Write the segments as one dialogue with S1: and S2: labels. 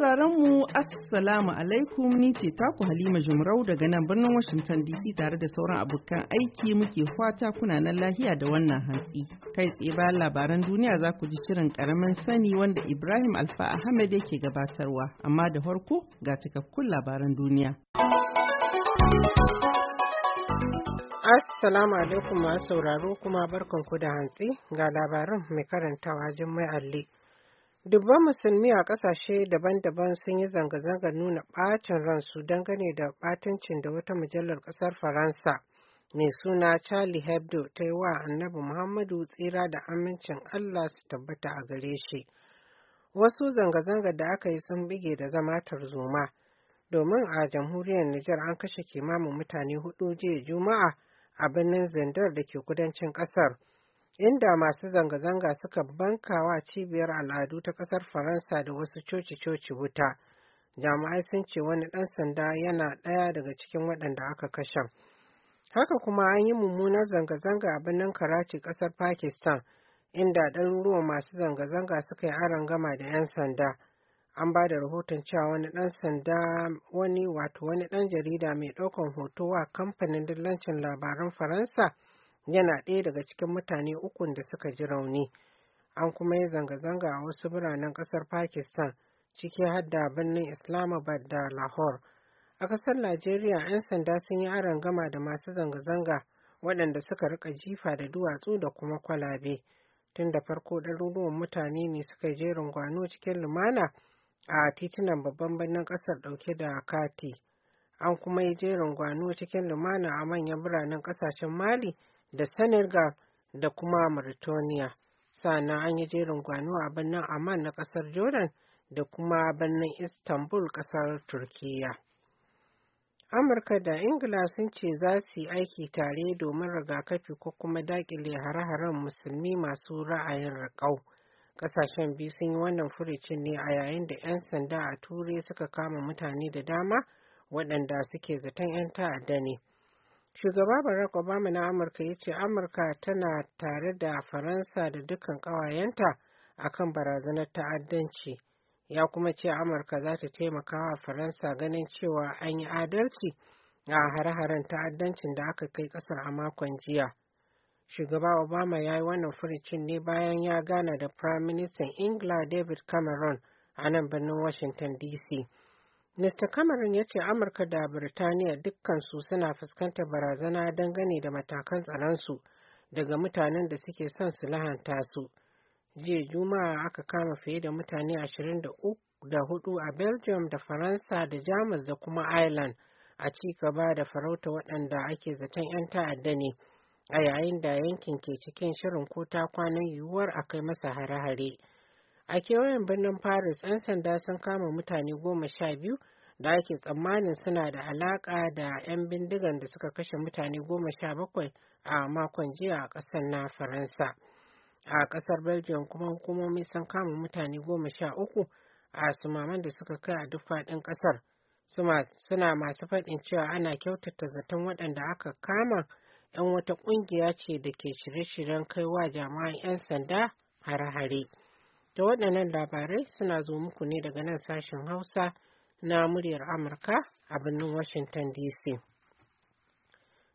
S1: sauraron mu assalamu alaikum ni ce taku Halima Jumrau daga nan birnin Washington DC tare da sauran abokan aiki muke fata kuna nan lahiya da wannan hantsi. Kai tsaye bayan labaran duniya za ku ji shirin karamin sani wanda Ibrahim Alfa Ahmed yake gabatarwa amma da farko ga cikakkun labaran duniya.
S2: Assalamu alaikum masu sauraro kuma barkanku da hantsi ga labaran mai karantawa Jummai Alli. Dubban musulmi a ƙasashe daban-daban sun yi zanga zanga nuna ɓacin ransu dangane da ɓatancin da wata mujallar ƙasar Faransa mai suna Charlie Hebdo ta yi wa annabi Muhammadu tsira da amincin Allah su tabbata a gare shi. Wasu zanga zanga da aka yi sun bige da zama tarzoma domin a jamhuriyar Nijar an kashe kimanin mutane hudu jiya Juma'a a birnin zindar da ke kudancin ƙasar. inda masu zanga-zanga suka banka wa cibiyar al'adu ta ƙasar faransa da wasu coci-coci wuta jami'ai sun ce wani ɗan sanda yana ɗaya daga cikin waɗanda aka kashe haka kuma an yi mummunar zanga-zanga a birnin karachi ƙasar pakistan inda ɗaruruwan masu zanga-zanga suka yi aron gama da 'yan sanda an ba da rahoton cewa wani ɗan sanda wani wato wani ɗan jarida mai ɗaukan hoto wa kamfanin dillancin labaran faransa yana ɗaya daga cikin mutane ukun da suka ji rauni an kuma yi zanga-zanga a wasu biranen ƙasar pakistan ciki har da birnin islamabad da lahore a ƙasar najeriya 'yan sanda sun yi aron gama da masu zanga-zanga waɗanda suka rika jifa da duwatsu da kuma kwalabe tun da farko ɗaruruwan mutane ne suka je rungwano cikin lumana a titunan babban birnin ƙasar ɗauke da kati an kuma yi jerin gwano cikin lumana a manyan biranen ƙasashen mali da senegal da kuma mauritania sannan an yi jerin gwano a birnin amman na kasar jordan da kuma birnin istanbul kasar turkiya amurka da ingila sun ce za su yi aiki tare domin rigakafi ko kuma dakile hare-haren musulmi masu ra'ayin riƙau kasashen biyu sun yi wannan furicin ne a yayin da 'yan sanda a turai suka kama mutane da dama waɗanda suke zaton 'yan ta'adda ne Shugaba Barack Obama na Amurka ya ce Amurka tana tare da Faransa da dukkan ƙawayenta kan barazanar ta'addanci. Ya kuma ce Amurka za ta taimaka wa Faransa ganin cewa an yi adalci a hare-haren ta'addancin da aka kai ƙasar a makon jiya. Shugaba Obama ya yi wannan furicin ne bayan ya gana da Prime Minister Ingila David Cameron a nan birnin Washington DC. Mr. Cameron ya ce Amurka da Birtaniya dukkansu suna fuskantar barazana dangane da matakan tsaronsu daga mutanen da suke son su lahanta su. Jiya Juma'a aka kama fiye da mutane ashirin hudu a Belgium da Faransa da Jamus da kuma Ireland a ci gaba da farauta waɗanda ake zaton 'yan ta'adda ne a yayin da yankin ke cikin shirin kota kwanan yiwuwar a kai masa hare-hare. A kewayen birnin Paris, 'yan sanda sun kama mutane goma sha biyu da ake tsammanin suna da alaƙa da 'yan bindigan da suka kashe mutane goma sha bakwai a makon jiya a ƙasar na Faransa. A ƙasar Belgium kuma hukumomi sun kama mutane goma sha uku a sumaman da suka kai a duk faɗin ƙasar. Suna masu faɗin cewa ana kyautata zaton waɗanda aka kama 'yan wata ƙungiya ce da ke shirye-shiryen kai wa jama'an 'yan sanda hare-hare. Da waɗannan labarai suna zo muku ne daga nan sashen Hausa na muryar Amurka a birnin Washington DC.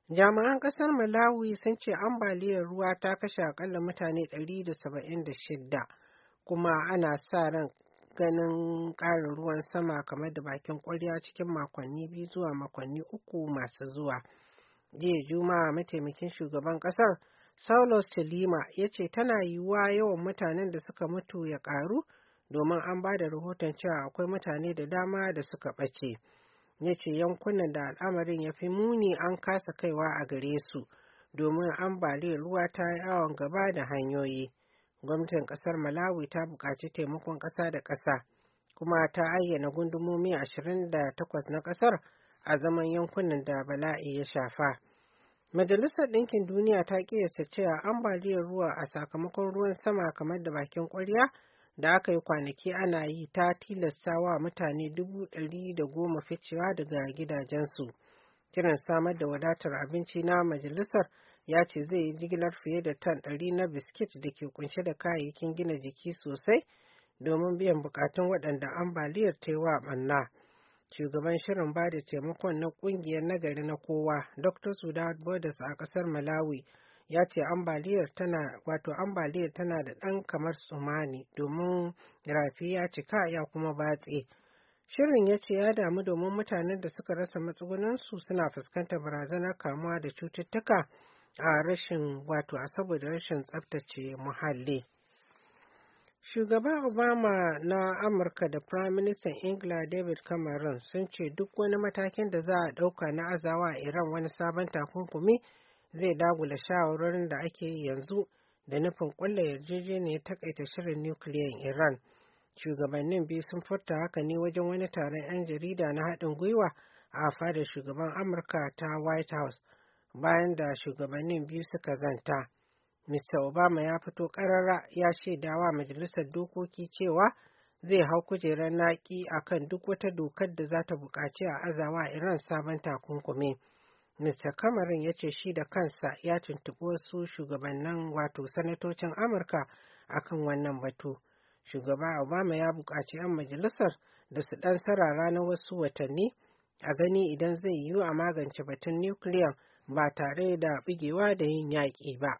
S2: Jami'an ƙasar Malawi sun ce ambaliyar ruwa ta kashe akalla mutane 176 kuma ana sa ran ganin ƙarin ruwan sama kamar da bakin ƙwarya cikin makonni biyu zuwa makonni uku masu zuwa. Jiya Juma'a mataimakin shugaban ƙasar Saulos Tilima ya ce tana yiwuwa yawan mutanen da suka mutu ya ƙaru domin an ba da rahoton cewa akwai mutane da dama da suka ɓace. Ya ce yankunan da al'amarin ya fi muni an kasa kaiwa a gare su domin ambaliyar ruwa ta yawon gaba da hanyoyi. Gwamnatin ƙasar Malawi ta buƙaci taimakon ƙasa da ƙasa kuma ta ayyana gundumomi takwas na ƙasar a zaman yankunan da bala'i ya shafa. Majalisar Ɗinkin Duniya ta ƙiyasta cewa ambaliyar ruwa a sakamakon ruwan sama kamar da bakin ƙwarya da aka yi kwanaki ana yi ta tilasta wa mutane dubu ɗari da goma ficewa daga gidajensu. Kiran samar da wadatar abinci na majalisar ya ce zai yi jigilar fiye da tan ɗari na biskit da ke kunshe da kayayyakin gina jiki sosai domin biyan buƙatun waɗanda ambaliyar ta yi wa ɓanna. shugaban shirin ba da taimakon na kungiyar nagari na kowa dr sudan borders a kasar malawi ya ce ambaliyar tana wato ambaliyar tana da ɗan kamar tsumani domin rafi ya cika ya kuma batse shirin ya ce ya damu domin mutanen da suka rasa matsugunansu suna fuskantar barazanar kamuwa da cututtuka a rashin wato a saboda rashin tsaftace muhalli Shugaba Obama na Amurka da Firaministan Ingila David Cameron sun ce duk wani matakin da za a ɗauka na azawa a Iran wani sabon takunkumi zai dagula shawarorin da ake yi yanzu da nufin ƙulla yarjejeniyar takaita shirin nukiliyan Iran. Shugabannin biyu sun furta haka ne wajen wani taron 'yan jarida na haɗin gwiwa a fadar shugaban Amurka ta White House bayan da shugabannin biyu suka zanta. Mr. Obama ya fito ƙarara ya shaidawa majalisar dokoki cewa zai hau kujerar naƙi a kan duk wata dokar da za ta buƙaci a azawa Iran sabon takunkumi. Mr. Cameron ya ce shi da kansa ya tuntuɓi wasu shugabannin wato sanatocin Amurka a kan wannan batu. Shugaba Obama ya buƙaci 'yan majalisar da su ɗan sarara na wasu watanni a gani idan zai yiwu a magance batun nukiliyan ba tare da bigewa da yin yaƙi ba.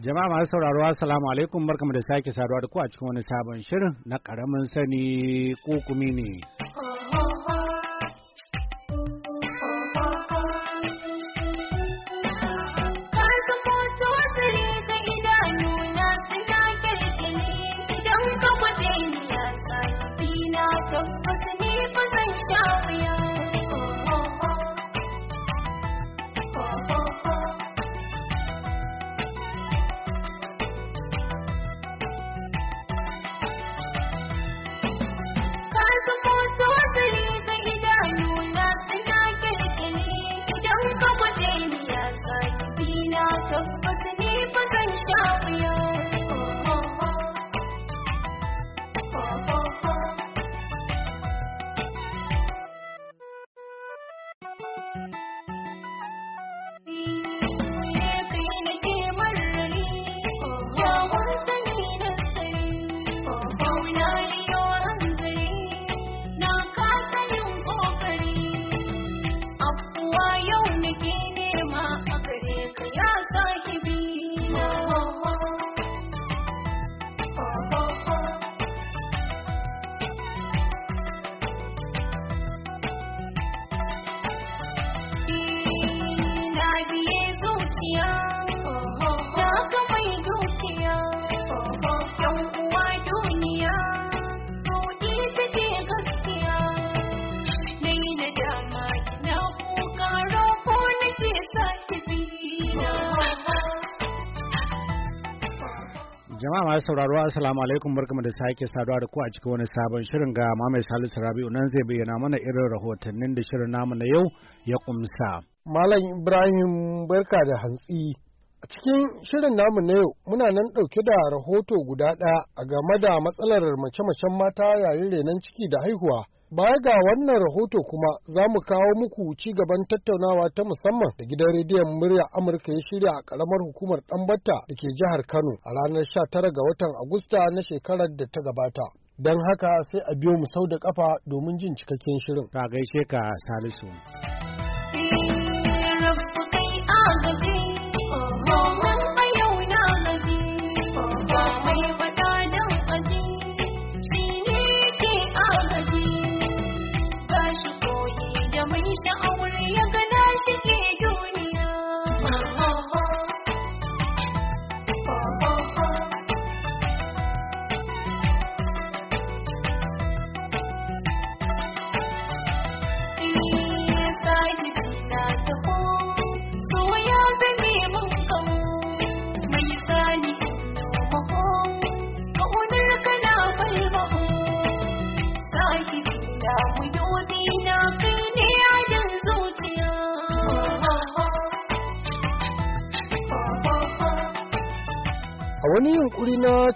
S3: Jama'a masu sauraro assalamu alaikum barkamu da sake saduwa da ku a cikin wani sabon shirin na karamin sani kokumi ne. masu sauraro assalamu alaikum barkamu da sake saduwa da ku a cikin wani sabon shirin ga Mamai Salisu Rabi'u nan zai bayyana mana irin rahotannin da shirin namu na yau ya kumsa. Malam Ibrahim barka da hantsi. A cikin
S4: shirin namu na yau muna nan ɗauke da rahoto guda ɗaya a game da matsalar mace-macen mata yayin renon ciki da haihuwa Baya ga wannan rahoto kuma za mu kawo muku ci gaban tattaunawa ta musamman da gidan rediyon murya Amurka ya shirya a karamar hukumar Ɗanbatta da ke jihar Kano a ranar sha tara ga watan Agusta na shekarar da ta gabata. Don haka sai a biyo mu sau da kafa domin jin cikakken shirin. Ka gaishe ka Salisu.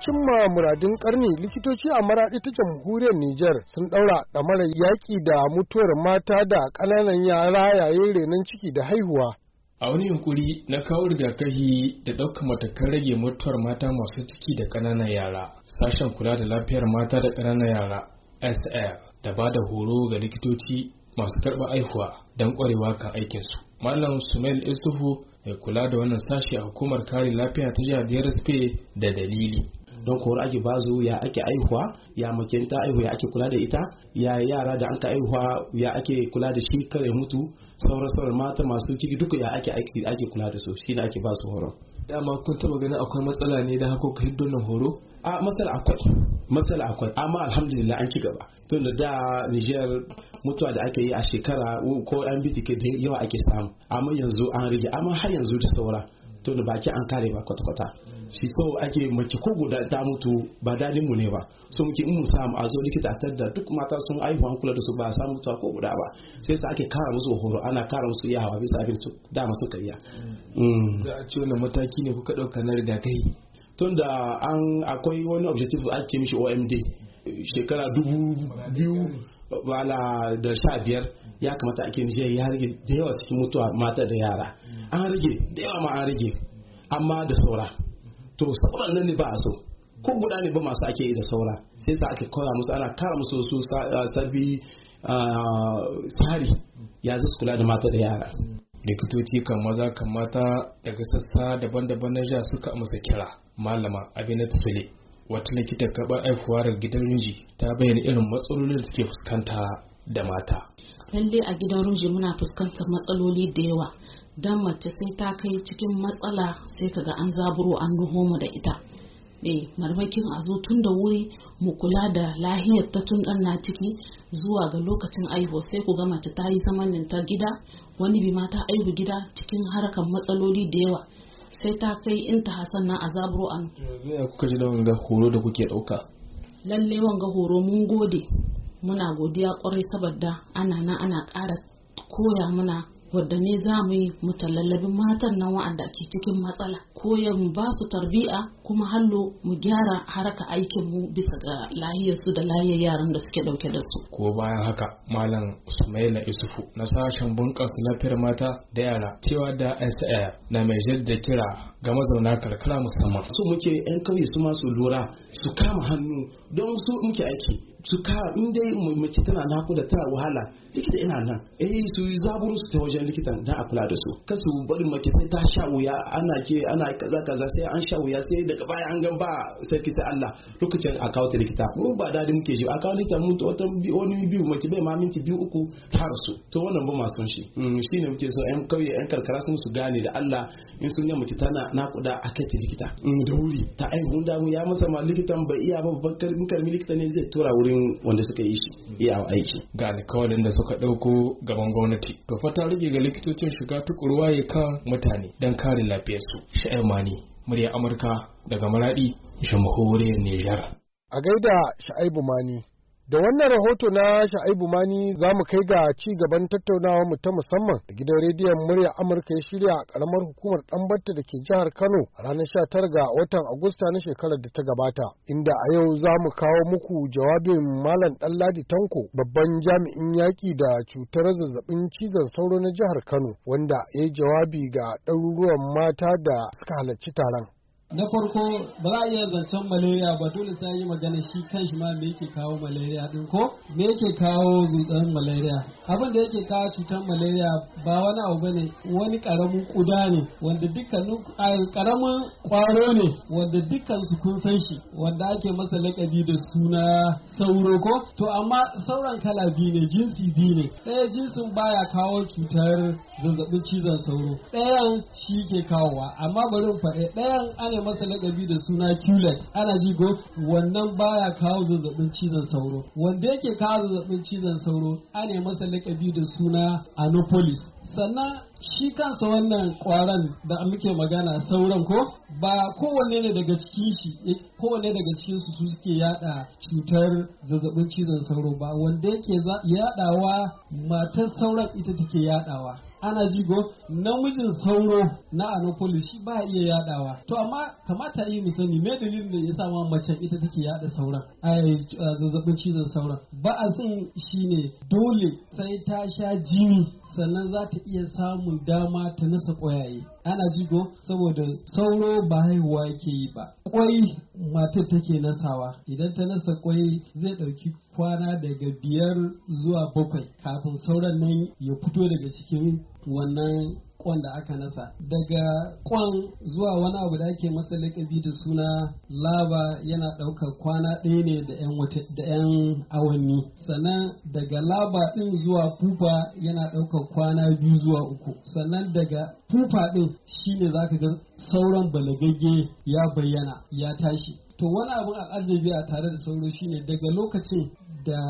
S4: cimma muradin karni likitoci a maraɗi ta jamhuriyar Nijar sun ɗaura ɗamarar yaƙi da mutuwar mata da ƙananan yara yayin renon ciki da haihuwa.
S5: A wani yunkuri na kawo rigakafi da ɗaukar matakan rage mutuwar mata masu ciki da ƙananan yara, sashen kula da lafiyar mata da ƙananan yara SL da ba da horo ga likitoci masu karɓar haihuwa don ƙwarewa kan aikinsu. Malam Sumail Isuhu mai kula da wannan sashi a hukumar kare lafiya
S3: ta jihar biyar da dalili don koro ake bazu ya ake aihuwa ya mace ta aihu ya ake kula da ita ya yara da an ka aihuwa ya ake kula da shi kare mutu sauran sauran mata masu ciki duka ya ake ake kula da su shi ne ake basu horo dama kun taba ganin akwai matsala ne da hako ka hiddo nan horo a matsala akwai matsala akwai amma alhamdulillah an ci gaba tun da da Niger mutuwa da ake yi a shekara ko an bi tike da yawa ake samu amma yanzu an rage amma har yanzu da saura tun da baki an kare ba kwata-kwata shi so ake mace ko guda ta mutu ba dadin mu ne ba so muke mu samu a zo likita a tadda duk mata sun aihu an kula da su ba samu mutu ko guda ba sai sa ake kara musu horo ana kara musu ya bisa abin su dama suka iya mm. za a ce wannan mataki ne kuka dauka na Tun tunda an akwai wani objective ake mishi OMD shekara dubu biyu bala da sha biyar ya kamata ake nijiyar ya rage da yawa cikin mutuwa mata da yara an rage da yawa ma an rage amma da saura to sauran nan ne ba a so ko guda ne ba masu ake yi da saura sai sa aka koya musu ana kara musu su sabi tsari ya zai kula da mata da yara likitoci kan maza kan mata daga sassa daban-daban na jiya
S5: suka amsa kira malama abinat sule wata likita kaba aifuwar gidan rinji ta bayyana irin matsalolin da suke fuskanta da mata
S6: lalle a gidan rinji muna fuskantar matsaloli da yawa don mace sai ta kai cikin matsala sai kaga an zaburo an nuho mu da ita eh marmakin a zo tun da wuri mu kula da lahiyar ta tun dan na ciki zuwa ga lokacin aihu sai ku ga mace ta yi zamanin ta gida wani bi ma ta aihu gida cikin harkar matsaloli da yawa sai ta kai in ta hasan na a zaburo an
S5: kuka ji da wanga horo da kuke dauka
S6: lalle wanga horo mun gode muna godiya kwarai saboda ana na ana ƙara koya muna wadda ne za mu yi mu matan nan wa'anda ke cikin matsala Koyan ba su tarbiya kuma hannu mu gyara haraka aikin mu bisa ga lahiyar da lahiyar yaran da suke dauke da su
S5: ko bayan haka malam Usmaila Isufu na sashen bunƙasa lafiyar mata da yara cewa da SR na mai jaddada kira ga mazauna
S3: karkara musamman. su muke 'yan kauye su masu lura su kama hannu don su muke aiki su ka in dai mace tana da tana wahala likita ina nan eh su zaburu su ta wajen likitan da a kula da su kasu barin mace sai ta sha wuya ana ke ana kaza kaza sai an sha wuya sai daga baya an gan ba sarki sai Allah lokacin a kawo likita mu ba dadi muke shi a kawo likita mu to wata wani biyu mace bai ma minti biyu uku ta su to wannan ba masu shi mm. shi ne muke so yan kauye yan karkara sun su gane da Allah in sun ga mace tana nakuda a kai ta likita mm. da wuri ta mun da mu ya masa ma likitan bai iya ba babban karmi likita ne zai tura wurin
S5: wanda suka yi shi iya aiki ga alkawalin da suka dauko gaban gwamnati to fa ta rage ga likitocin shiga tukurwa waye kan mutane dan kare lafiyarsu sha'awa Shu'aibu murya Amurka daga Maradi, Jamhuriyar Nijar.
S4: A gaida Shu'aibu Mani. Da wannan rahoto na Sha'ibu Mani za mu kai ga ci gaban tattaunawa mu ta musamman da gidan rediyon murya Amurka ya shirya a karamar hukumar Ɗanbatta da ke jihar Kano a ranar 19 ga watan Agusta na shekarar da ta gabata. Inda a yau za mu kawo muku jawabin Malam Ɗanladi Tanko babban jami'in yaƙi da cutar zazzabin cizon sauro na jihar Kano wanda ya jawabi ga ɗaruruwan mata da suka halarci taron.
S6: na farko ba za a iya zancen malaria ba dole sai yi magana shi kan shi ma me yake kawo malaria din ko me yake kawo zutsan malaria abin da yake kawo cutar malaria ba wani abu bane wani karamin kuda ne wanda dukkanin karamin kwaro ne wanda dukkan su kun san shi wanda ake masa lakabi da suna sauro ko to amma sauran kala biyu ne jinsi biyu ne ɗaya jinsin baya kawo cutar zazzabin cizon sauro ɗayan shi ke kawowa amma bari in faɗi ɗayan ana masa lakabi da suna Culex ana ji go wannan baya kawo zazzabin cizon sauro wanda yake kawo zazzabin cizon sauro ana masa lakabi da suna Anopolis sannan shi kansa wannan kwaran da muke magana sauran ko ba kowanne ne daga cikin shi eh, kowanne daga cikin su suke yada cutar zazzabin cizon sauro ba wanda yake yadawa matar sauran ita take yadawa ana jigo namijin sauro na anopolis shi ba iya yadawa to amma kamata yi musani me dalilin da ya ma mace ita take yada sauran ai zazzabin cizon sauran ba a son shine dole sai ta sha jini sannan za ta iya samun dama ta nasa ƙwayaye ana jigo saboda sauro ba haihuwa yake yi ba ƙwai matar take nasawa idan ta nasa ƙwai zai ɗauki kwana daga biyar zuwa bakwai kafin sauran nan ya fito daga cikin wannan kwan da aka nasa daga kwan zuwa wani abu da ake masa lakabi da suna laba yana ɗaukar kwana ɗaya ne da 'yan awanni sannan daga laba ɗin zuwa pupa yana ɗaukar kwana biyu zuwa uku sannan daga pupa ɗin shine za ka ga sauran balagagge ya bayyana ya tashi to wani abin al'ajabi a tare da sauro shine daga lokacin da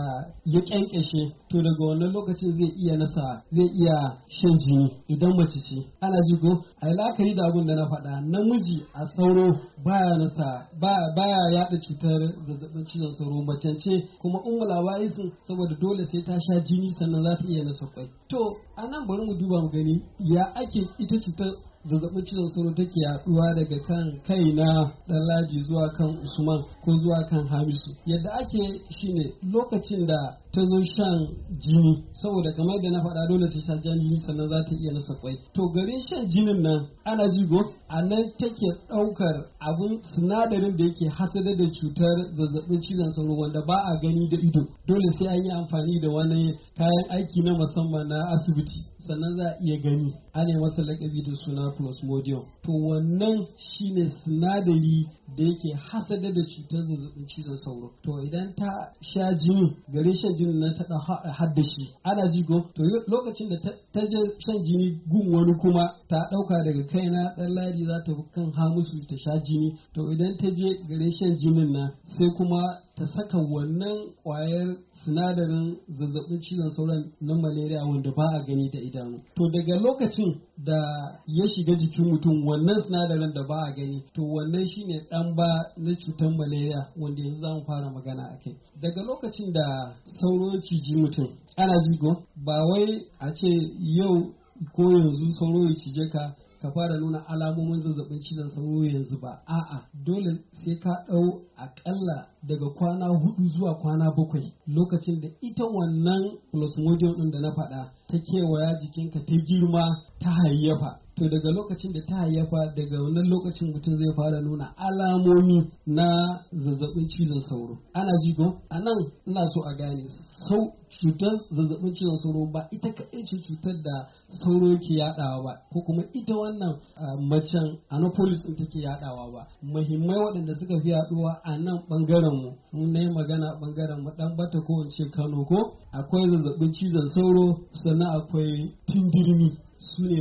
S6: ya kyankyashe to daga wannan lokacin zai iya nasa zai iya shan jini idan mace ce ana jigo a la'akari da abin da na faɗa namiji a sauro baya nasa baya yada cutar zazzabin cizon sauro macance ce kuma umma sun saboda dole sai ta sha jini sannan za ta iya nasa kwai to a nan bari mu duba mu gani ya ake ita cutar zazzabin cizon sauro take yaduwa daga kan kai na ɗanlaji zuwa kan usman ko zuwa kan hamisu yadda ake shine lokacin da ta zo shan jini saboda kamar da na faɗa dole ta sha jini sannan za ta iya nasa kwai to garin shan jinin nan ana jigo a nan take ɗaukar abun sinadarin da yake hasadar da cutar zazzabin cizon sauro wanda ba a gani da ido dole sai an yi amfani da wani kayan aiki na musamman na asibiti sannan za a iya gani ana masa lakabi da suna plasmodium to wannan shine sinadari da yake hasada da cutar zazzabin cizon sauro to idan ta sha jini gare shan jini nan ta haddashi shi ana ji go to lokacin da ta je shan jini gun wani kuma ta dauka daga kaina dan ladi za ta kan hamusu ta sha jini to idan ta je gare shan jinin nan sai kuma ta saka wannan kwayar sinadarin zazzabin cizon sauro na malaria wanda ba a gani da idanu to daga lokacin da ya shiga jikin mutum wannan sinadarin da ba a gani to wannan shine dan ba na cutar malaria wanda yanzu za mu fara magana a kai daga lokacin da sauro ciji mutum ana go ba wai a ce yau ko yanzu sauro ya cijeka ka ka fara nuna alamomin zazzabin cizon sauro yanzu ba a'a dole sai ka ɗau akalla daga kwana hudu zuwa kwana bakwai lokacin da ita wannan plasmodium din da na faɗa ta kewaya jikinka ta girma ta hayyafa to daga lokacin da ta hayyafa daga wannan lokacin mutum zai fara nuna alamomi na zazzabin cizon sauro ana jigo a nan ina so a gane sau cutar zazzabin cizon sauro ba ita kaɗai ce cutar da sauro ke yaɗawa ba ko kuma ita wannan macen anopolis ɗin take yaɗawa ba muhimmai waɗanda suka fi yaɗuwa a nan ɓangaren mu mun ne magana bangaren mu dan bata ko Kano ko akwai zazzabin cizon sauro sannan akwai tindirmi su ne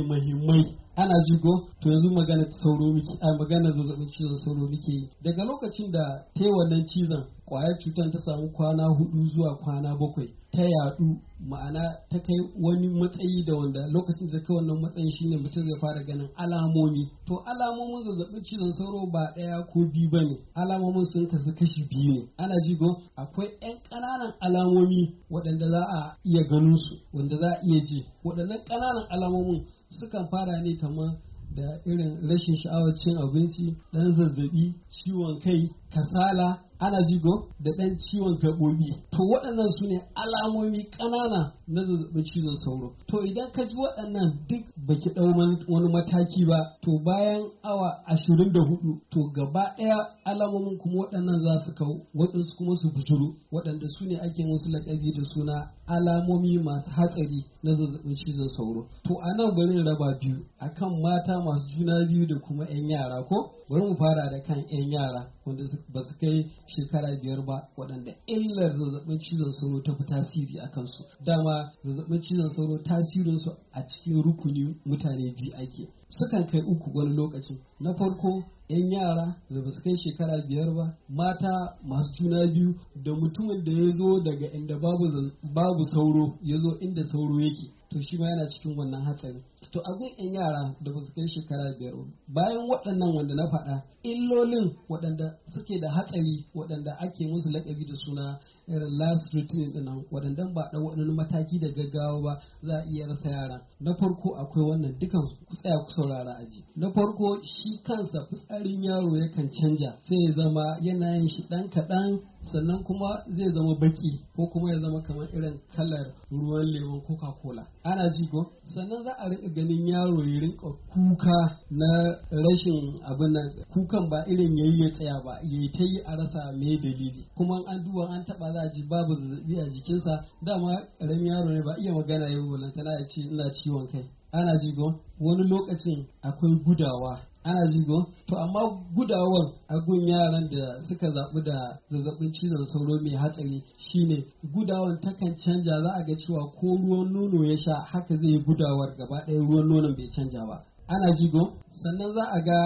S6: ana jigo to yanzu magana sauro miki a magana zazzabin cizon sauro miki daga lokacin da ta wannan cizon kwayar cutar ta samu kwana hudu zuwa kwana bakwai ta yadu ma'ana ta kai wani matsayi da wanda lokacin da kai wannan matsayin shine mutum zai fara ganin alamomi to alamomin zazzabin cizon sauro ba ɗaya ko biyu ba ne alamomin sun kasu kashi biyu ne ana jigo akwai 'yan ƙananan alamomi waɗanda za a iya ganin su wanda za a iya ji waɗannan ƙananan alamomin sukan fara ne kamar da irin rashin sha'awar cin abinci ɗan zazzabi ciwon kai kasala ana jigo da ɗan ciwon gaɓoɓi to waɗannan su ne alamomi ƙanana na zazzabin cizon sauro to idan ka ji waɗannan duk baki ɗau wani mataki ba to bayan awa ashirin da hudu to gaba ɗaya alamomin kuma waɗannan za su kau waɗansu kuma su bujuru waɗanda su ne ake musu laƙabi da suna alamomi masu hatsari na zazzabin cizon sauro to a nan bari raba biyu akan mata masu juna biyu da kuma 'yan yara ko bari mu fara da kan 'yan yara wanda ba su kai shekara biyar ba waɗanda illar zazzabin cizon sauro ta fi tasiri a kansu dama zazzabin cizon sauro tasirinsu a cikin rukuni mutane biyu ake sukan kai uku wani lokaci na farko 'yan yara da ba su kai shekara biyar ba mata masu juna biyu da mutumin da ya zo daga inda babu sauro ya zo inda sauro yake to shi ma yana cikin wannan hatsari to agun yan yara da ba su kai shekara biyar bayan waɗannan wanda na faɗa illolin waɗanda suke da hatsari waɗanda ake musu laƙabi da suna irin last routine din nan waɗannan ba ɗan waɗannan mataki da gaggawa ba za a iya rasa yara na farko akwai wannan dukan ku tsaya ku saurara aji na farko shi kansa fitsarin yaro yakan canja sai ya zama yanayin shi ɗan kaɗan sannan kuma zai zama baki ko kuma ya zama kamar irin kalar ruwan lemon coca-cola ana ji ko sannan za a rika ganin yaro ya rinka kuka na rashin abin nan kukan ba irin yayi ya tsaya ba yayi ta yi a rasa mai dalili kuma an duba an taba za ana ji babu zazzabi a jikinsa dama ƙarami yaro ne ba iya magana yau lantana ya ce ina ciwon kai ana jigo wani lokacin akwai gudawa ana jigo to amma gudawan agun yaran da suka zaɓi da zazzabin cizon sauro mai hatsari shine gudawan takan canja za a ga cewa ko ruwan nono ya sha haka zai gudawar gaba ɗaya ruwan nonon bai canja ba ana jigo sannan za a ga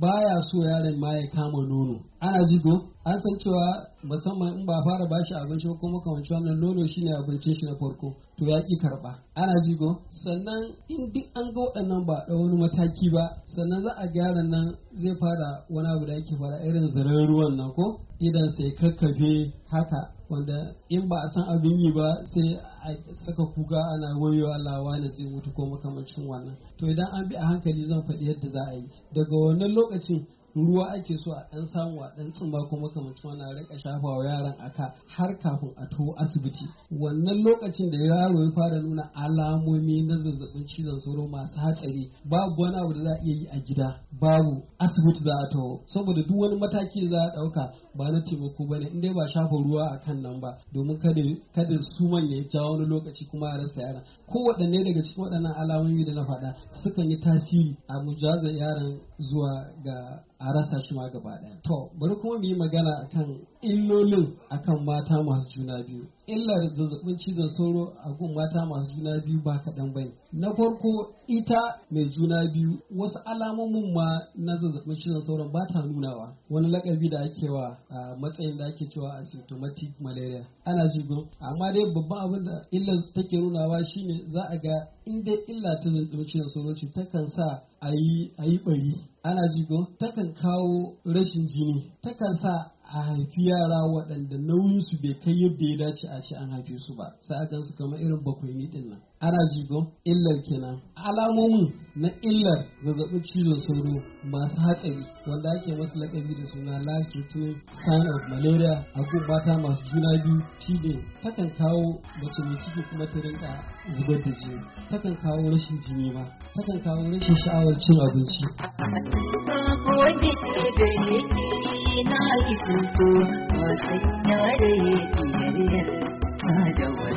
S6: baya so yaron ma ya kama nono ana jigo an san cewa musamman in ba fara bashi abinci ko kuma kamanci wannan nono shine abincin shi na farko to ya ki karba ana jigo sannan in duk an ga waɗannan ba da wani mataki ba sannan za a gyara nan zai fara wani abu da yake fara irin zaren ruwan nan ko idan sai kakkafe haka wanda in ba a san abin yi ba sai a saka kuka ana wayo Allah wani zai mutu ko makamancin wannan to idan an bi a hankali zan faɗi yadda za a yi daga wannan lokacin ruwa ake so a ɗan samu a ɗan tsumba ko makamancin wannan rika shafa wa yaran aka har kafin a taho asibiti wannan lokacin da yaro ya fara nuna alamomi na zazzabin cizon sauro masu hatsari babu wani abu da za a iya yi a gida babu asibiti za a taho saboda duk wani mataki za a ɗauka ba na taimako ba ne in dai ba shafa ruwa a kan nan ba domin kada su manya ya jawo wani lokaci kuma a rasa yaran ko waɗanne daga cikin waɗannan alamomi da na faɗa sukan yi tasiri a mujaza yaran zuwa ga a rasa shi ma gaba ɗaya to bari kuma mu yi magana akan illolin akan mata masu juna biyu illar zazzabin cizon sauro a gun mata masu juna biyu ba kaɗan ba na farko ita mai juna biyu wasu alamomin ma na zazzabin cizon sauro ba ta nunawa wani lakabi da ake wa a matsayin da ake cewa asymptomatic malaria ana jigo amma dai babban abin da illar take nunawa shine za a ga in dai illa ta zazzabin cizon sauro ce takan sa a yi bari ana jigo takan kawo rashin jini takan sa a haifi yara waɗanda nauyinsu bai kai yadda ya dace a ce an haife su ba sai a gansu kamar irin bakwai ne din nan ana jigo illar kenan alamomin na illar zazzabin cizon sauro masu hatsari wanda ake masu lakabi da suna last return sign of malaria a mata masu juna biyu shi takan kawo mace mai ciki kuma ta rinka zubar da jini takan kawo rashin jini ma
S7: takan kawo rashin
S6: sha'awar cin abinci.
S7: na isoto masu yare biyayya ta da wani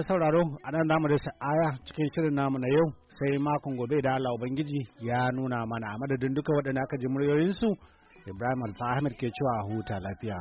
S3: masu sauraro a nan namu da sa'aya cikin shirin namu na yau sai makon gobe da Allah Ubangiji ya nuna mana a madadin duka waɗanda aka ji muryoyinsu Ibrahim Alfa Ahmed ke cewa huta lafiya.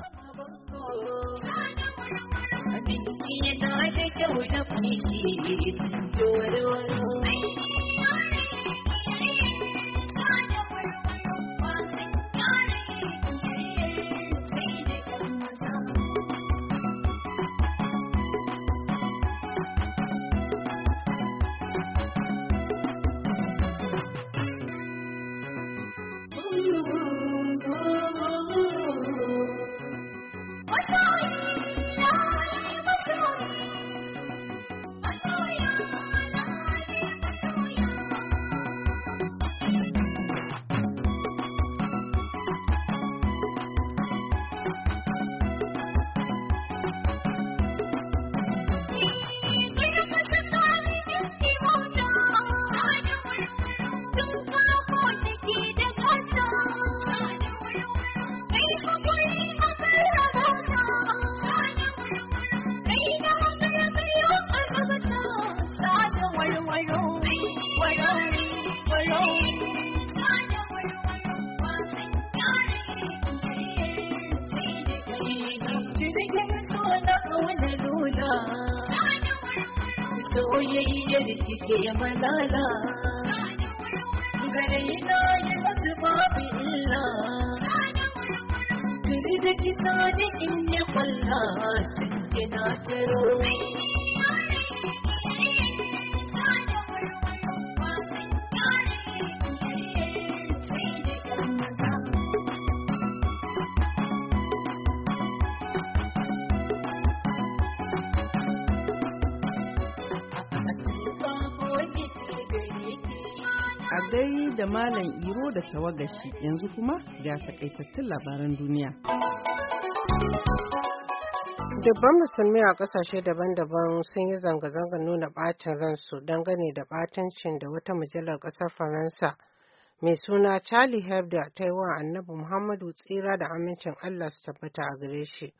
S7: kike malala gare na yi wasu babu illa Kiri da kisa ni in yi kwalla sun kina taro.
S1: da Malam Iro da tawagashi yanzu kuma ga takaitattun labaran duniya.
S2: Dubban musulmi a kasashe daban-daban sun yi zanga-zangar nuna ɓacin ransu dangane da ɓatancin da wata mujallar ƙasar Faransa mai suna Charlie Hebdo ta yi wa annabi Muhammadu tsira da amincin Allah su tabbata a gare shi.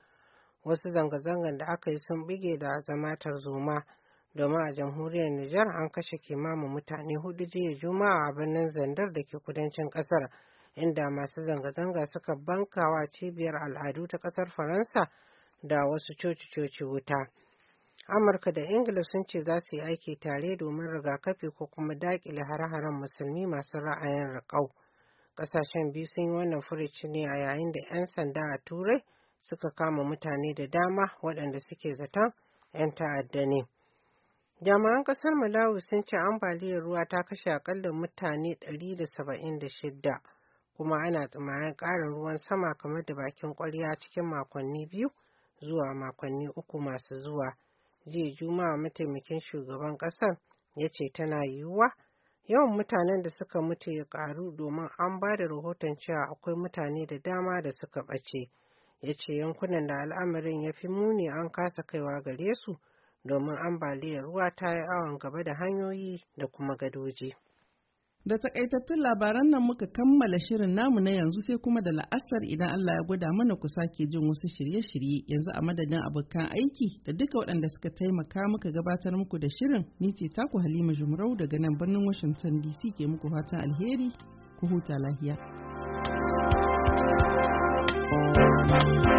S2: Wasu zanga-zangar da aka yi sun bige da zama tarzoma. zoma. domin a jamhuriyar Nijar an kashe kimanin mutane hudu jiya Juma'a a birnin Zandar da ke kudancin kasar inda masu zanga-zanga suka bankawa cibiyar al'adu ta kasar Faransa da wasu coci-coci wuta. Amurka da Ingila sun ce za su yi aiki tare domin rigakafi ko kuma dakile hare-haren musulmi masu ra'ayin rikau. kasashen biyu sun yi wannan furici ne a yayin da 'yan sanda a Turai suka kama mutane da dama waɗanda suke zaton 'yan ta'adda ne. Jami'an kasar Malawi sun ce ambaliyar ruwa ta kashe akalla mutane 176 kuma ana tsammanin ƙara ruwan sama kamar da bakin ƙwarya cikin makonni biyu zuwa makonni uku masu zuwa. Jiya Juma'a mataimakin shugaban ƙasar ya ce tana yiwuwa yawan mutanen da suka mutu ya ƙaru domin an ba da rahoton cewa akwai mutane da dama da suka ɓace. Ya ce yankunan da al'amarin ya fi muni an kasa kaiwa gare su. domin ambaliyar ruwa ta yi awon gaba da hanyoyi da kuma gadoji.
S1: Da takaitattun labaran nan muka kammala shirin namu na yanzu sai kuma da la'asar idan Allah ya gwada mana ku sake jin wasu shirye-shirye yanzu a madadin abokan aiki da duka waɗanda suka taimaka muka gabatar muku da shirin ni ce taku Halima Jumrau daga nan birnin Washington DC ke muku fatan alheri ku huta lahiya.
S7: thank you